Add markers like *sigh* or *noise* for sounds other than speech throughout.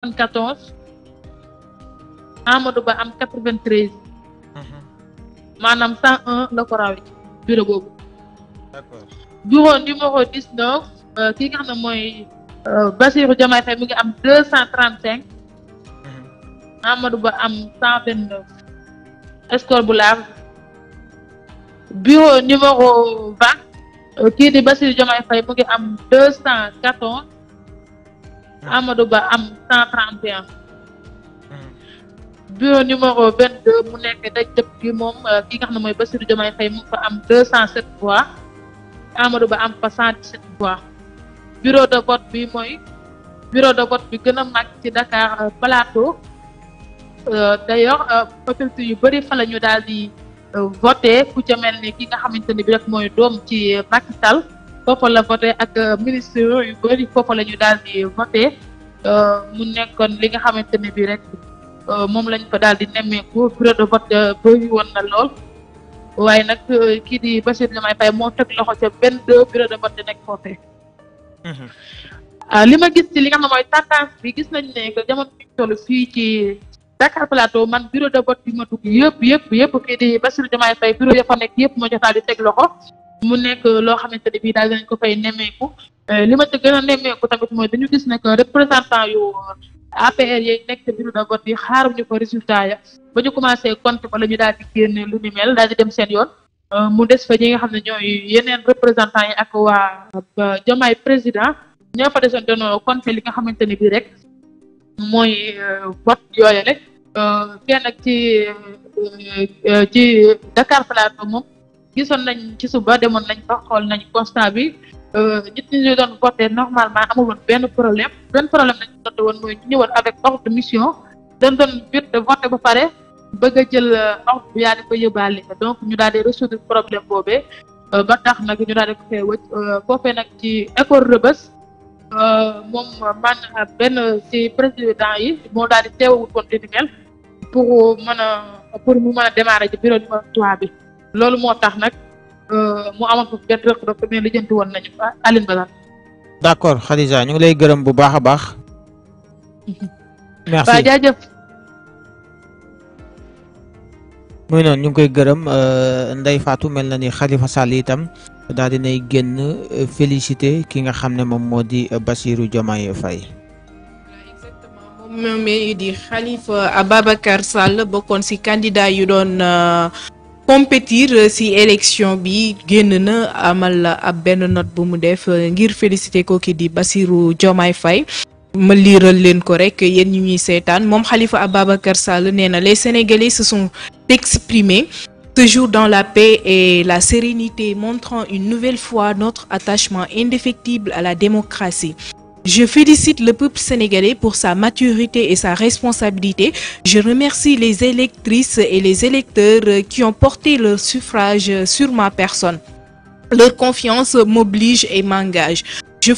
74 Amadou Ba am 93. Mhm. maanaam 101 la ko rawee ci bureau boobu. d'accord bureau numéro 19 euh, ki nga xam ne mooy euh, Bassirou Diomaye Faye mi ngi am 235. Mhm. Amadou Ba am 129. bu laag bureau numéro 20 euh, kii di Bassirou Diomaye Faye mu ngi am 214. Amadou Ba am cent trente et un bureau numéro vingt deux mu nekk daj dëpp gi moom euh, ki nga xam ne mooy Bassirou Diomaye Faye mu fa am deux cent sept voix Amadou Ba am fa cent dix sept voix bureau de vote bi mooy bureau de bi gën a ci Dakar euh, Plateau euh, d'ailleurs faculté yu bëri fa la ñu daal di voté ku ca mel ki nga xamante ni bi rek mooy doom ci Macky foofa la voté ak euh, ministre yu bëri foofa la ñu daal di voté euh, mu nekkoon li nga xamante ne bii rek euh, moom lañ fa daal di nemmeeku bureau de vote bëri woon lool waaye nag kii di Bassirou Diomaye Faye moo teg loxo ca benn deux bureau de vote nekk foofee. Mhm. li ma gis ci li nga xam mooy tendance bi gis nañ ne que jamono bi ñu toll ci Dakar Plateau man bureau de vote bi ma yëpp yëpp yëpp kii di Bassirou bureau ya yëpp moo jotaal di teg loxo. mu nekk loo xamante ne bii daal dinañ ko fay nemmeeku euh, li ma gën a nemmeeku tamit mooy dañu gis ne que représentant yu APR yeeg nekk ci bureau ba commencé compte ba ñu daal di génn lu ni mel euh, mu des fa ñi nga xam ne ñooy yeneen représentant yi ak waa euh, Diomaye président ñoo fa desoon doon compté li nga xamante ne bii rek mooy vote yooyu rek kenn ci ci Dakar Plateau moom. gisoon nañ ci suba demoon nañ fa xool nañ constat bi euh, nit ñi ñu doon normalement amul woon benn problème benn problème lañ doon woon mooy ñu ñëwoon avec ordre de mission dañ doon biir de voté ba pare bëgg a jël euh, ordre bi yaa di donc ñu daal di résoudre problème boobee euh, ba tax nag ñu daal di ko fee nag ci école rëbës moom man benn ci président yi moo daal di teewawut woon pour mën a pour mu mën a démarrer ci bureau numéro 3 bi. loolu moo tax nag euh, mu amoon foofu benn rëq-rëq mais lijjanti woon nañu fa Alioune Badara. d' accord Khadija ñu ngi lay gërëm bu baax a baax. *laughs* merci waaw jaajëf. muy noonu ñu ngi koy gërëm euh, Ndeye Fatou mel na ni Khalifa Sall itam daal dinay génn euh, félicité ki nga xam ne moom moo di Bassirou Diomaye fay moom di Khalifa Ababacar Sall bokkoon ci candidat yu doon. compétir ci euh, élection bi génn na amal ab benn not bu mu def euh, ngir féliciter ko ki di Bassirou Diomaye fay ma liiral leen ko rek yéen ñu ñuy seetaan moom Khalifa Ababacar Sall nee na les Sénégalais se sont exprimés ce dans la paix et la sérénité montrant une nouvelle fois notre attachement indéfectible à la démocratie Je félicite le peuple sénégalais pour sa maturité et sa responsabilité. Je remercie les électrices et les électeurs qui ont porté leur suffrage sur ma personne. Leur confiance m'oblige et m'engage. Je,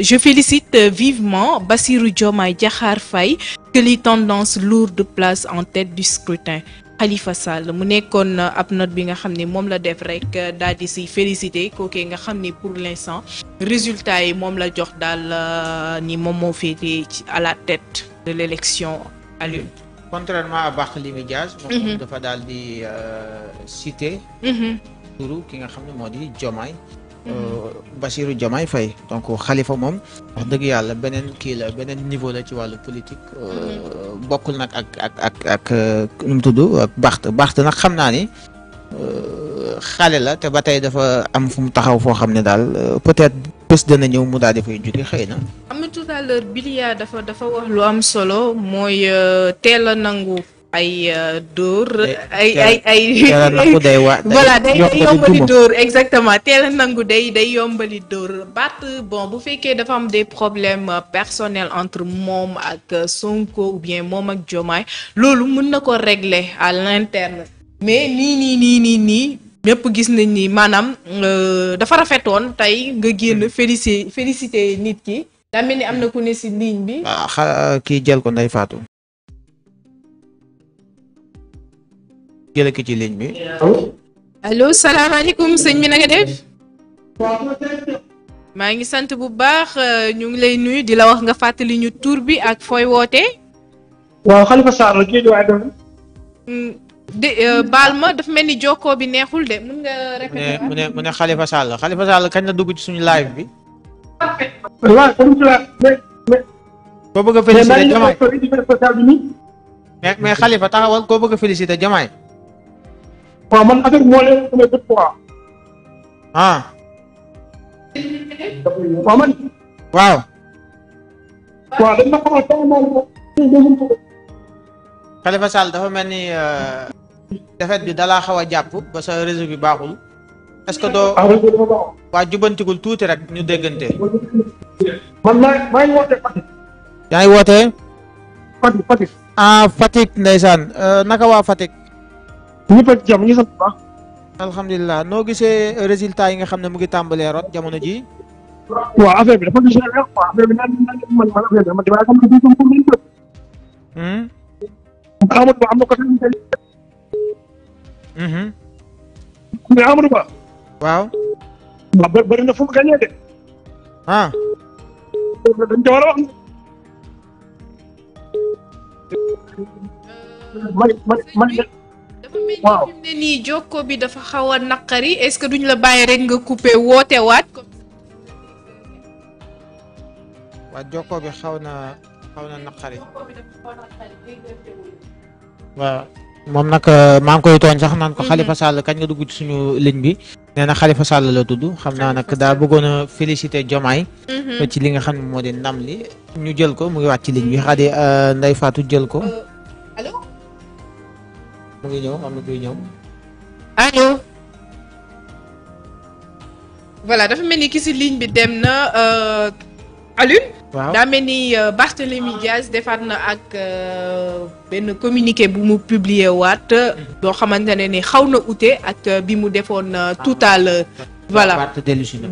je félicite vivement Bassirou Diomaye Diakhar Faye que les tendances lourdes placent en tête du scrutin. Khalifa Sall mu nekkoon euh, ab note bi nga xam ne moom la def rek euh, daal di si félicité kookee nga xam ne pour l'instant résultat yi moom la jox daal euh, ni moom moo féetee ci à la tête de l'élection Alioune. Mhm. contrairement à Barthélémy Dias. moom mhm. dafa daal di cité. Mhm. turu ki nga xam ne moo di Diomaye. Euh, Bassirou Diomaye Faye donc xalifa moom wax dëgg yàlla beneen kii la beneen niveau la ci wàllu politique euh, mhm. bokkul nag ak ak ak ak euh, nu mu tudd ak Barth Barth nag xam naa ni xale la te ba tey dafa am fu mu taxaw foo xam ne daal peut-être bés dana ñëw mu daal di fay xëy na. am tout à l'heure dafa wax lu am solo mooy teel a nangu. ay euh, dóor ay ay ay *laughs* voilà day day yombali dóor exactement teel a nangu day day yombali dóor Bart bon bu fekkee dafa am de problèmes euh, personnel entre moom ak euh, Sonko ou bien moom ak Diomaye loolu mën na ko régler à l'interne mais nii nii nii nii nii ñëpp gis nañ ni maanaam dafa rafetoon tey nga génn félicité félicité nit ki tamit ni am na ku ne ci ligne bi ah, kii jël ko nday faatu jële ci ligne bi allo salaamaaleykum sëñ bi nag nga def maa ngi sant bu baax euh, ñu ngi lay nuyu di la wax nga fàttali ñu tuur bi ak fooy woote waaw Khalifa Sarr la mm, euh, baal ma dafa mel ni jokkoo bi neexul de mun nga répéter mu ne mu ne Khalifa Sall Khalifa Sall kañ la dugg ci suñu live bi koo bëgg a félicité jamaay mais mais Khalifa taxawal koo bëgg a jamaay waaw man affaire moo leen ah. dafa mel ni. Euh, defet bi dala xaw a jàpp ba sa réseau bi baaxul. est-ce que doo ah, waa jubantigul tuuti rek ñu déggante. man maa maa ngi ah Fatick ndeysaan euh, naka waa Fatick. ñëpp ak jàmm ñu sant bu baax. alhamdulilah noo gisee résultat yi nga xam ne mu ngi tàmbalee rot jamono ji. waaw affaire bi dafa léger quoi affaire bi naan naan man man affaire bi man damaa xam ne bii comme comme dañ hmm? ko. Amadou Ba am na côté. Hmm? mais Amadou Ba. waaw. waaw bëri na fu mu gagné de. ah. dañ ko war a wax. man man man. waaw mu bi dafa xaw a naqari est-ce que la bàyyi rek nga coupé woote waat. waaw bi xaw na xaw na naqari. waaw moom nag euh, maa ngi koy tooñ sax naan ko mhm. Khalifa Sall kañ nga dugg ci suñu ligne bi. nee na Khalifa Sall la tudd xam naa nag daa bëggoon a féliciter Diomaye mhm. ci li nga xam ne moo di ndam li. ñu jël ko muy ngi waat ci ligne bi xaadi euh, Ndeye Fatou jël ko. Euh, mu ngi ñëw am na kuy ñëw allo voilà dafa mel ni ki si ligne bi dem na euh, Alune waaw daa mel ni euh, Barthélémy Diaz defaat na ak euh, benn communiqué bu mu publier waat boo xamante ne ni xaw na ute ak bi mu defoon ah, tout à l'heure voilà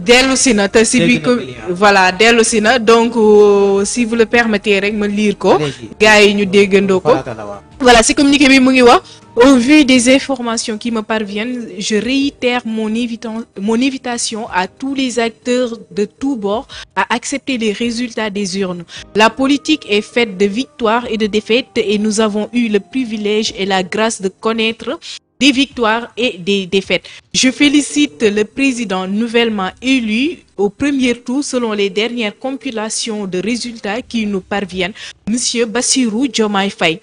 dellusi na te si bi voilà dellusi na donc si vous le rek ma liir ko gars yi ñu déggandoo ko voilà si communiqué bi mu ngi wax Au vu des informations qui me parviennent, je réitère mon, invitation à tous les acteurs de tous bords à accepter les résultats des urnes. La politique est faite de victoires et de défaites et nous avons eu le privilège et la grâce de connaître des victoires et des défaites. Je félicite le président nouvellement élu au premier tour selon les dernières compilations de résultats qui nous parviennent, Monsieur Bassirou Diomaye Faye.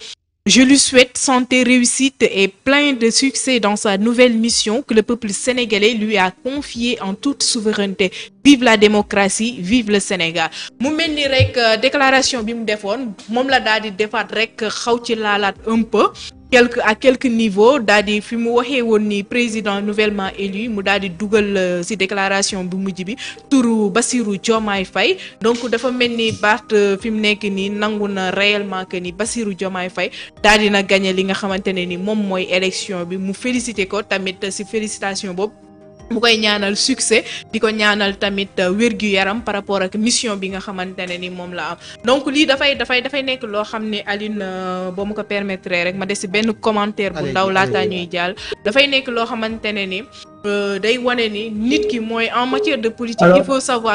Je lui souhaite santé, réussite et plein de succès dans sa nouvelle mission que le peuple sénégalais lui a confiée en toute souveraineté vive la démocratie vive le Sénégal mu mel ni rek euh, déclaration bi mu defoon moom la daal di defaat rek xaw ci laalaat un peu quelque à quelque niveau daal di fi mu waxee woon ni président nouvellement élu mu daal di dugal euh, ci déclaration bu mujj bi turu bassiru Diomaye fay donc dafa mel ni Bart euh, fi mu nekk nii nangu na réellement que ni bassiru Diomaye fay daal di na gagné li nga xamante ne ni moom mooy élection bi mu félicité ko tamit ci félicitation boobu. mu koy ñaanal succès di ko ñaanal tamit euh, wér-gu-yaram par rapport ak mission bi nga xamante ne ni moom la am donc lii dafay dafay dafay nekk loo xam ne Aline euh, boo mu ko permettre rek ma des si benn commentaire bu ndaw laata ñuy jàll dafay nekk loo xamante ne ni euh, day wone ni nit ki mooy en matière de politique il savoir